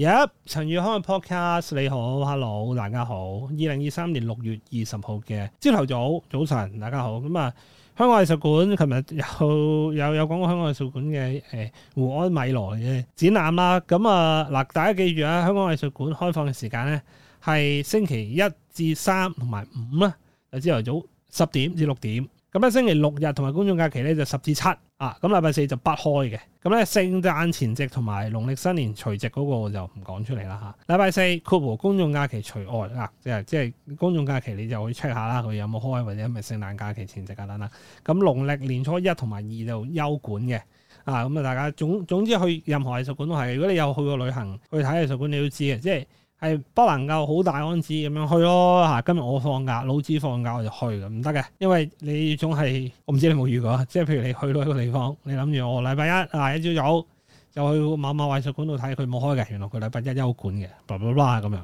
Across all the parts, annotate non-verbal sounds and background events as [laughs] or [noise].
有陳宇康嘅 podcast，你好，hello，大家好。二零二三年六月二十號嘅朝頭早，早晨，大家好。咁啊，香港藝術館琴日有有有，有講過香港藝術館嘅誒胡安米羅嘅展覽啦。咁啊嗱，大家記住啊，香港藝術館開放嘅時間咧係星期一至三同埋五啦，喺朝頭早十點至六點。咁啊，星期六日同埋公眾假期咧就十至七啊，咁禮拜四就不開嘅。咁咧，聖誕前夕同埋農曆新年除夕嗰個我就唔講出嚟啦吓。禮拜四括弧公眾假期除外啊，即係即係公眾假期你就可以 check 下啦，佢有冇開或者係咪聖誕假期前夕等、啊、等。咁、啊嗯、農曆年初一同埋二就休館嘅啊。咁、嗯、啊，大家總總之去任何藝術館都係，如果你有去過旅行去睇藝術館，你都知嘅，即係。係不能夠好大安置咁樣去咯嚇，今日我放假，老子放假我就去嘅，唔得嘅，因為你總係我唔知你冇遇過，即係譬如你去到一個地方，你諗住我禮拜一嗱、啊、一朝早就去某某藝術館度睇，佢冇開嘅，原來佢禮拜一休館嘅，咁樣。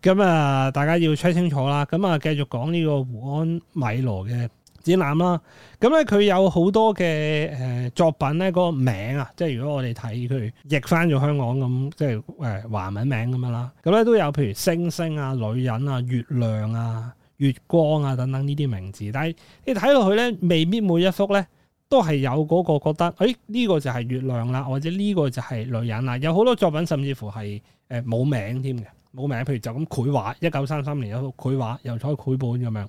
咁、嗯、啊，大家要 check 清楚啦。咁、嗯、啊，繼續講呢個胡安米羅嘅。展覽啦，咁咧佢有好多嘅，誒、呃、作品咧，嗰、那個名啊，即係如果我哋睇佢譯翻咗香港咁，即係誒華文名咁樣啦。咁、嗯、咧都有譬如星星啊、女人啊、月亮啊、月光啊等等呢啲名字。但係你睇落去咧，未必每一幅咧都係有嗰個覺得，誒、哎、呢、這個就係月亮啦，或者呢個就係女人啦。有好多作品甚至乎係誒冇名添嘅，冇名，譬如就咁繪畫，一九三三年有幅繪畫，又彩繪本咁樣。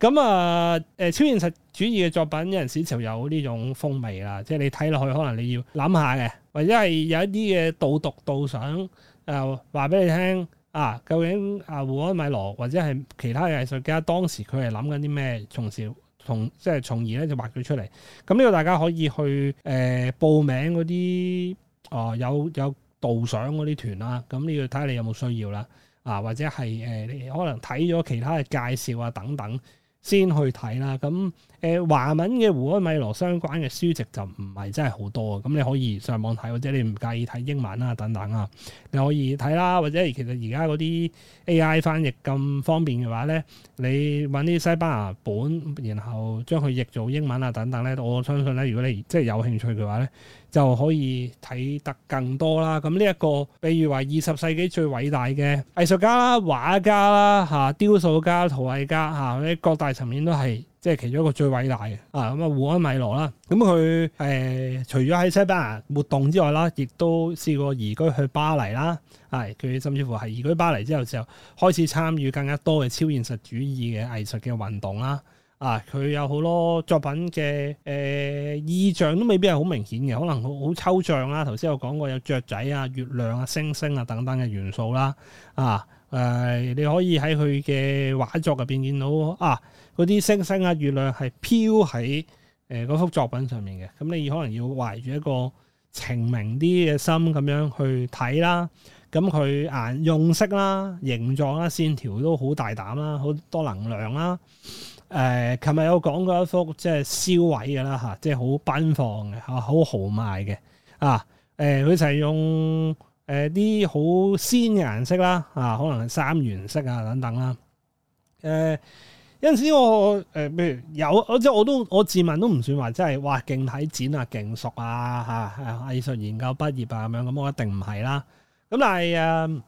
咁啊，誒、嗯、超現實主義嘅作品有陣時就有呢種風味啦，即係你睇落去可能你要諗下嘅，或者係有一啲嘅導讀導賞誒話俾你聽啊，究竟阿、啊、胡安米羅或者係其他嘅藝術家當時佢係諗緊啲咩，從事從即係從而咧就畫佢出嚟。咁、嗯、呢、這個大家可以去誒、呃、報名嗰啲、呃、啊有有導賞嗰啲團啦，咁你要睇下你有冇需要啦，啊或者係誒、呃、你可能睇咗其他嘅介紹啊等等。先去睇啦，咁誒、呃、華文嘅胡安米羅相關嘅書籍就唔係真係好多，咁你可以上網睇，或者你唔介意睇英文啦等等啊，你可以睇啦，或者其實而家嗰啲 AI 翻譯咁方便嘅話呢，你揾啲西班牙本，然後將佢譯做英文啊等等呢。我相信呢，如果你即係有興趣嘅話呢，就可以睇得更多啦。咁呢一個，譬如話二十世紀最偉大嘅藝術家啦、畫家啦、嚇雕塑家、陶藝家嚇，喺各大層面都係即係其中一個最偉大嘅。啊，咁啊，胡安米羅啦，咁佢誒除咗喺西班牙活動之外啦，亦都試過移居去巴黎啦。係佢甚至乎係移居巴黎之後就後，開始參與更加多嘅超現實主義嘅藝術嘅運動啦。啊！佢有好多作品嘅誒、呃、意象都未必係好明顯嘅，可能好好抽象啦。頭先我講過有雀仔啊、月亮啊、星星啊等等嘅元素啦。啊誒、呃，你可以喺佢嘅畫作入邊見到啊嗰啲星星啊、月亮係飄喺誒嗰幅作品上面嘅。咁你可能要懷住一個澄明啲嘅心咁樣去睇啦。咁佢顏用色啦、形狀啦、線條都好大膽啦，好多能量啦。誒，琴日、呃、有講過一幅即係銷毀嘅啦嚇，即係好奔放嘅嚇，好豪邁嘅啊！誒、呃，佢就係用誒啲好鮮嘅顏色啦嚇、啊，可能係三原色啊等等啦。誒、啊，有陣時我誒，譬、呃、如有即我，我都我自問都唔算話，真係哇勁睇展啊勁熟啊嚇、啊、藝術研究畢業啊咁樣，咁我一定唔係啦。咁但係誒、啊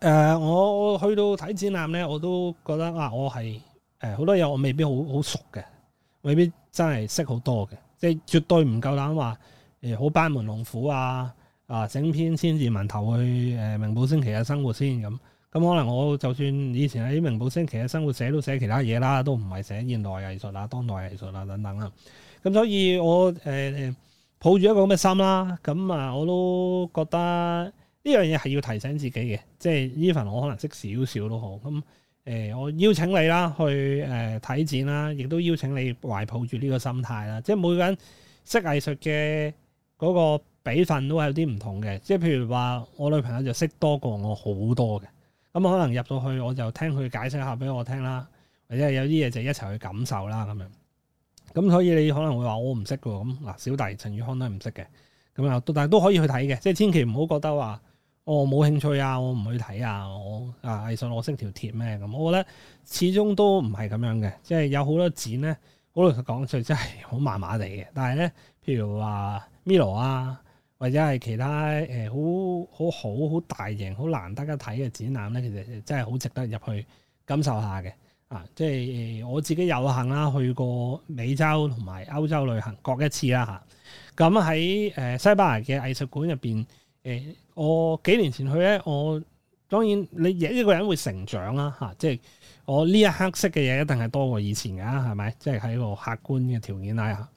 呃，我去到睇展覽咧，我都覺得啊，我係～好多嘢我未必好好熟嘅，未必真係識好多嘅，即係絕對唔夠膽話誒好班門弄斧啊！啊整篇千字文頭去誒、呃《明報星期日生活先》先咁，咁、嗯、可能我就算以前喺《明報星期日生活寫》寫都寫其他嘢啦，都唔係寫現代藝術啦、啊、當代藝術啦、啊、等等啦。咁、嗯、所以我誒、呃、抱住一個咁嘅心啦，咁、嗯、啊我都覺得呢樣嘢係要提醒自己嘅，即係呢份我可能識少少都好咁。嗯誒、欸，我邀請你啦，去誒睇展啦，亦都邀請你懷抱住呢個心態啦。即係每個人識藝術嘅嗰個比份都係有啲唔同嘅。即係譬如話，我女朋友就識多過我好多嘅。咁、嗯、可能入到去，我就聽佢解釋下俾我聽啦，或者係有啲嘢就一齊去感受啦咁樣。咁所以你可能會話我唔識嘅喎。咁嗱，小弟陳宇康都係唔識嘅。咁啊，但係都可以去睇嘅。即係千祈唔好覺得話。我冇、哦、興趣啊！我唔去睇啊！我啊藝術我識條鐵咩咁？我覺得始終都唔係咁樣嘅，即係有好多展咧，我老實講出真係好麻麻地嘅。但係咧，譬如話 Milo 啊，或者係其他誒、呃、好、好好好好大型好難得一睇嘅展覽咧，其實真係好值得入去感受下嘅。啊，即係、呃、我自己有幸啦，去過美洲同埋歐洲旅行各一次啦嚇。咁喺誒西班牙嘅藝術館入邊誒。呃呃我幾年前去咧，我當然你一個人會成長啦嚇、啊，即係我呢一刻識嘅嘢一定係多過以前嘅啦，係咪？即係喺個客觀嘅條件底下，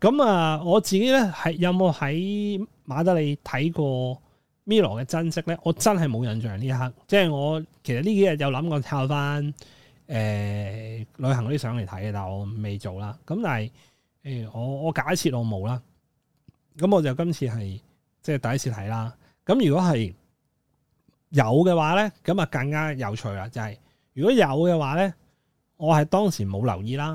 咁啊，啊，我自己咧係有冇喺馬德里睇過米羅嘅真跡咧？我真係冇印象呢一刻。即係我其實呢幾日有諗過抄返誒旅行嗰啲相嚟睇嘅，但我未做啦。咁、啊、但係誒、欸，我我假設我冇啦。咁我就今次係即係第一次睇啦。咁如果係有嘅話咧，咁啊更加有趣啦！就係、是、如果有嘅話咧，我係當時冇留意啦，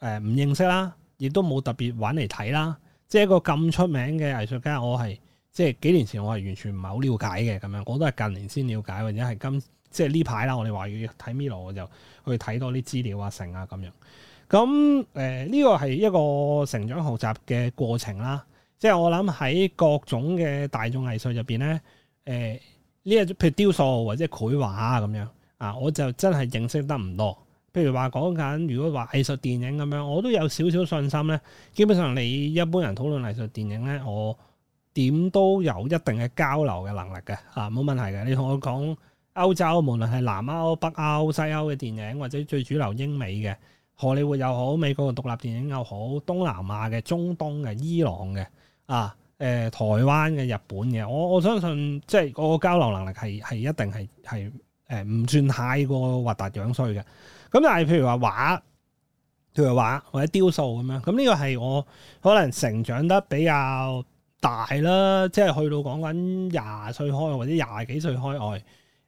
誒、呃、唔認識啦，亦都冇特別玩嚟睇啦。即係一個咁出名嘅藝術家，我係即係幾年前我係完全唔係好了解嘅咁樣，我都係近年先了解，或者係今即係呢排啦。我哋話要睇 Milo，我就去睇多啲資料啊、成啊咁樣。咁誒呢個係一個成長學習嘅過程啦。即係我諗喺各種嘅大眾藝術入邊咧，誒呢一譬如雕塑或者繪畫啊咁樣啊，我就真係認識得唔多。譬如話講緊，如果話藝術電影咁樣，我都有少少信心咧。基本上你一般人討論藝術電影咧，我點都有一定嘅交流嘅能力嘅，嚇、啊、冇問題嘅。你同我講歐洲，無論係南歐、北歐、西歐嘅電影，或者最主流英美嘅荷里活又好，美國嘅獨立電影又好，東南亞嘅、中東嘅、伊朗嘅。啊！誒、呃，台灣嘅、日本嘅，我我相信即係個交流能力係係一定係係誒，唔算太過核突樣衰嘅。咁但係譬如話畫，譬如畫或者雕塑咁樣，咁呢個係我可能成長得比較大啦，即係去到講緊廿歲開或者廿幾歲開外，誒、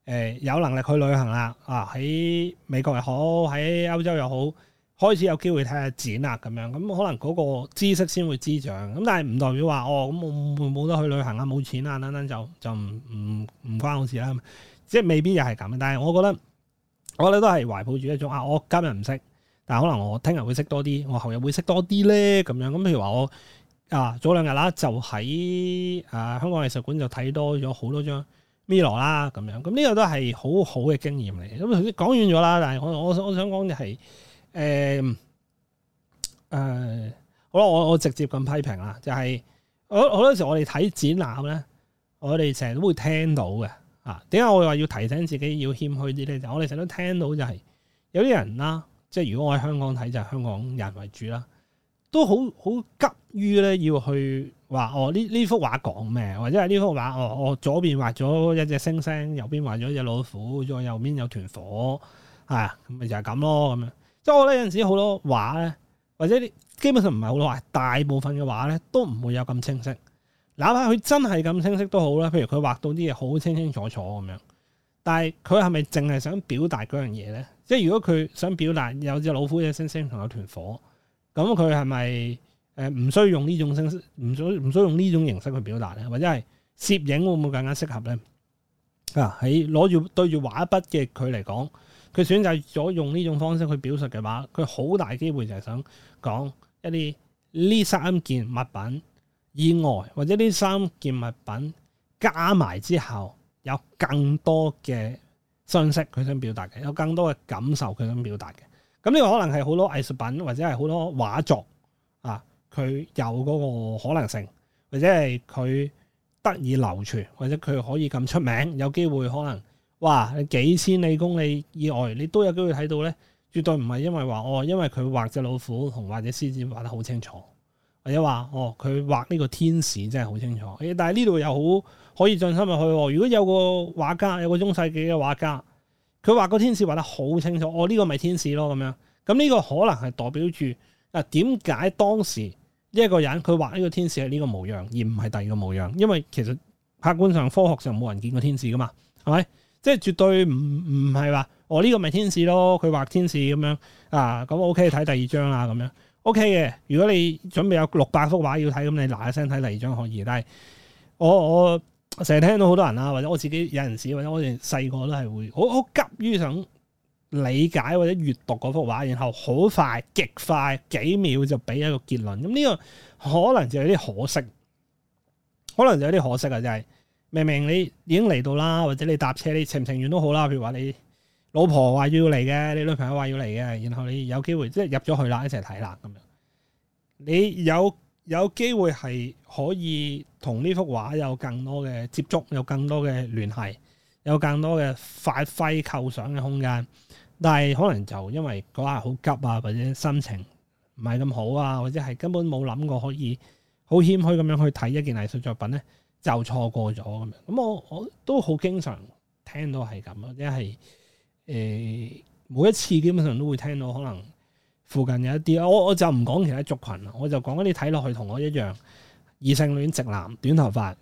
呃，有能力去旅行啦。啊，喺美國又好，喺歐洲又好。開始有機會睇下展啊，咁樣咁可能嗰個知識先會滋長。咁但係唔代表話哦，咁我冇得去旅行啊，冇錢啊，等等就就唔唔唔關我事啦。即係未必又係咁。但係我覺得我覺得都係懷抱住一種啊，我今日唔識，但係可能我聽日會識多啲，我後日會識多啲咧。咁樣咁譬如話我啊，早兩日啦就喺啊香港藝術館就睇多咗好多張米羅啦，咁樣咁呢個都係好好嘅經驗嚟。咁講完咗啦，但係我我我想講嘅係。誒誒、嗯嗯，好啦，我我直接咁批評啦，就係、是、我好多時我哋睇展覽咧，我哋成日都會聽到嘅啊。點解我會話要提醒自己要謙虛啲咧？就是、我哋成日都聽到就係、是、有啲人啦，即係如果我喺香港睇就係、是、香港人為主啦，都好好急於咧要去話哦呢呢幅畫講咩，或者係呢幅畫哦哦左邊畫咗一隻星星，右邊畫咗隻老虎，再右邊有團火啊，咁、哎、咪就係、是、咁咯咁樣。即係我覺得有陣時好多畫咧，或者啲基本上唔係好多畫，大部分嘅畫咧都唔會有咁清晰。哪怕佢真係咁清晰都好啦。譬如佢畫到啲嘢好清清楚楚咁樣，但係佢係咪淨係想表達嗰樣嘢咧？即係如果佢想表達有隻老虎嘅星星同有團火，咁佢係咪誒唔需要用呢種形式？唔唔需要用呢種形式去表達咧？或者係攝影會唔會更加適合咧？啊，喺攞住對住畫筆嘅佢嚟講。佢選擇咗用呢種方式去表述嘅話，佢好大機會就係想講一啲呢三件物品以外，或者呢三件物品加埋之後，有更多嘅信息佢想表達嘅，有更多嘅感受佢想表達嘅。咁呢個可能係好多藝術品或者係好多畫作啊，佢有嗰個可能性，或者係佢得以流傳，或者佢可以咁出名，有機會可能。哇！你幾千里公里以外，你都有機會睇到咧，絕對唔係因為話哦，因為佢畫隻老虎同或者獅子畫得好清楚，或者話哦佢畫呢個天使真係好清楚。但係呢度又好可以進深入去、哦。如果有個畫家，有個中世紀嘅畫家，佢畫個天使畫得好清楚，哦，呢、這個咪天使咯咁樣。咁呢個可能係代表住嗱點解當時呢一個人佢畫呢個天使係呢個模樣，而唔係第二個模樣？因為其實客觀上、科學上冇人見過天使㗎嘛，係咪？即係絕對唔唔係話我呢個咪天使咯，佢畫天使咁樣啊，咁 OK 睇第二張啦咁樣 OK 嘅。如果你準備有六百幅畫要睇，咁你嗱一聲睇第二張可以。但係我我成日聽到好多人啊，或者我自己有陣時，或者我哋細個都係會好好急於想理解或者閱讀嗰幅畫，然後好快極快幾秒就俾一個結論。咁呢個可能就有啲可惜，可能就有啲可惜啊！真係。明明你已經嚟到啦，或者你搭車，你情唔情願都好啦。譬如話你老婆話要嚟嘅，你女朋友話要嚟嘅，然後你有機會即係入咗去啦，一齊睇啦咁樣。你有有機會係可以同呢幅畫有更多嘅接觸，有更多嘅聯繫，有更多嘅發揮構想嘅空間。但係可能就因為嗰下好急啊，或者心情唔係咁好啊，或者係根本冇諗過可以好謙虛咁樣去睇一件藝術作品咧。就錯過咗咁樣，咁我我都好經常聽到係咁啊！因為誒，每一次基本上都會聽到，可能附近有一啲啊。我我就唔講其他族群啦，我就講一啲睇落去同我一樣異性戀直男、短頭髮、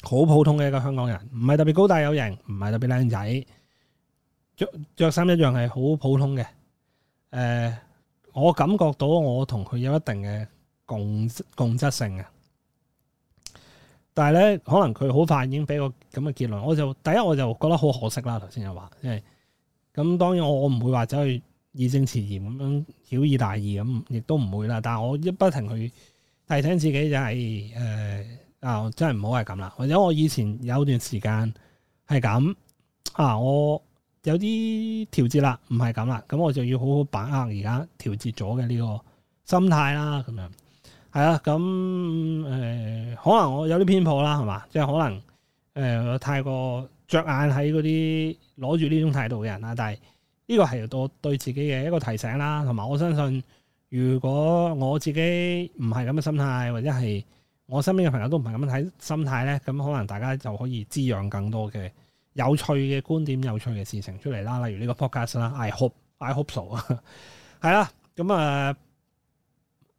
好普通嘅一個香港人，唔係特別高大有型，唔係特別靚仔，着着衫一樣係好普通嘅。誒、呃，我感覺到我同佢有一定嘅共共質性嘅。但係咧，可能佢好快已經俾我咁嘅結論。我就第一我就覺得好可惜啦。頭先又話，因為咁當然我我唔會話走去義正詞嚴咁樣曉以大義咁，亦都唔會啦。但係我一不停去提醒自己就係、是、誒、哎、啊，啊，真係唔好係咁啦。或者我以前有段時間係咁啊，我有啲調節啦，唔係咁啦。咁、嗯、我就要好好把握而家調節咗嘅呢個心態啦。咁樣係啊，咁誒。嗯嗯嗯可能我有啲偏頗啦，係嘛，即係可能誒、呃、太過着眼喺嗰啲攞住呢種態度嘅人啦。但係呢個係我對自己嘅一個提醒啦，同埋我相信，如果我自己唔係咁嘅心態，或者係我身邊嘅朋友都唔係咁樣嘅心態咧，咁、嗯、可能大家就可以滋養更多嘅有趣嘅觀點、有趣嘅事情出嚟啦。例如呢個 podcast 啦，I hope I hope so。係 [laughs] 啦、嗯，咁啊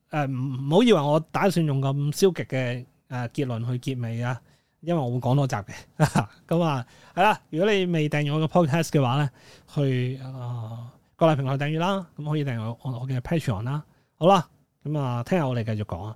誒唔唔好以為我打算用咁消極嘅。誒結論去結尾啊，因為我會講多集嘅，咁啊係啦。如果你未訂閱我嘅 podcast 嘅話咧，去各大平台訂閱啦，咁可以訂閱我我嘅 Patreon 啦。好啦，咁啊聽日我哋繼續講啊。